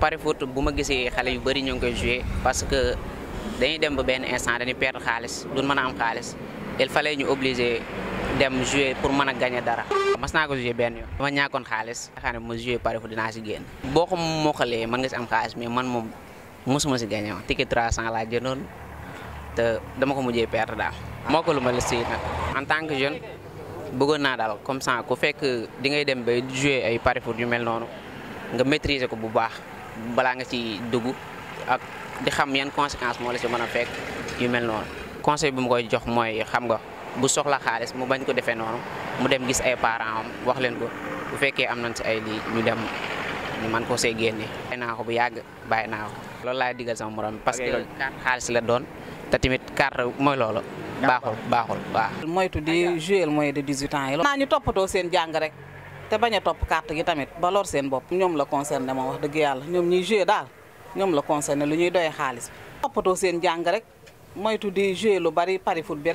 pari foot bu ma gisee xale yu bëri ñu ngi koy joué parce que dañuy dem ba benn instant dañuy perdre xaalis duñ mën a am ñu obligé dem joué pour mën a gagné dara. mas naa ko joué benn yoon. dama ñàkkoon xaalis. nga xam ne bu ma joué pari foot dinaa si génn. boo ko mokkalee mën nga si am xaalis mais man moom mosuma si gagné woon. ticket 300 laa jëndoon te dama ko mujjee perdre daal. mokkalu ma la si en tant que jeune bëggoon naa daal comme ça ku fekk di dem ba joué ay pari yu mel noonu nga maîtriser ko bu baax. balaa nga ci dugg ak di xam yan conséquence moo la ci mën a fekk yu mel noonu conseil bi mu koy jox mooy xam nga bu soxla xaalis mu bañ ko defee noonu mu dem gis ay parents am wax leen ko bu fekkee am nañ si ay lii ñu dem ñu mën ko see génne bàyyi naa ko bu yàgg bàyyi naa ko loolu laay diggal sama morom parce que carte xaalis la doon te tamit carte mooy loolu baaxul baaxul baax moytu di jouer mooy de 18 ans yi naa ñu toppatoo seen jàng rek te bañ a topp carte gi tamit ba seen bopp ñoom la concerné moom wax dëgg yàlla ñoom ñuy joué daal ñoom la concerné lu ñuy doyee xaalis bi toppatoo seen jàng rek moytu di joué lu bari pari foot bi